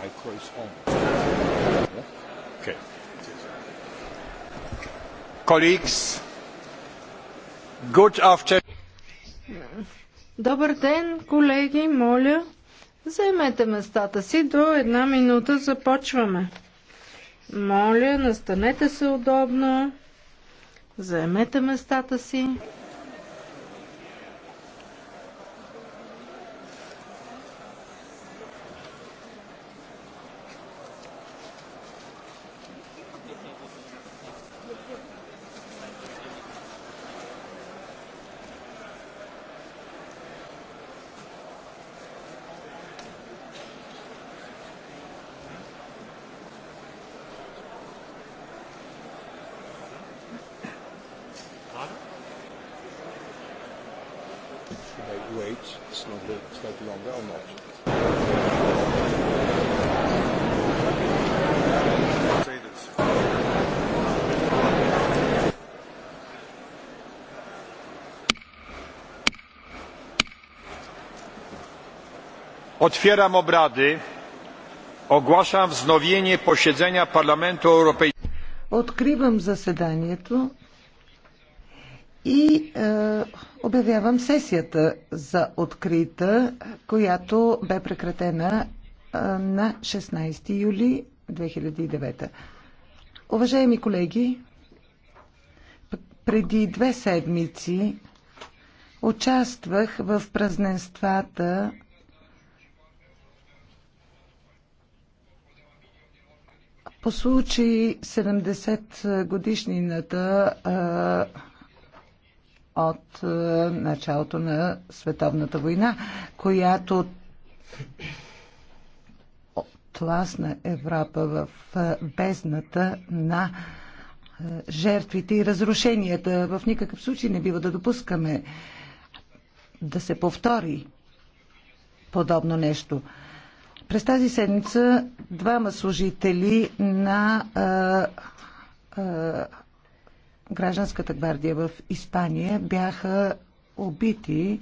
micros on. Okay. Colleagues, good afternoon. Добър ден, колеги, моля, заемете местата си до една минута, започваме. Моля, настанете се удобно, заемете местата си. Should I wait slightly, slightly longer or not? Otwieram obrady. Ogłaszam wznowienie posiedzenia Parlamentu Europejskiego. Откривам заседанието и е, Обявявам сесията за открита, която бе прекратена на 16 юли 2009. Уважаеми колеги, преди две седмици участвах в празненствата по случай 70 годишнината от е, началото на световната война, която тласна Европа в е, бездната на е, жертвите и разрушенията. В никакъв случай не бива да допускаме да се повтори подобно нещо. През тази седмица двама служители на а, а, гражданската гвардия в Испания бяха убити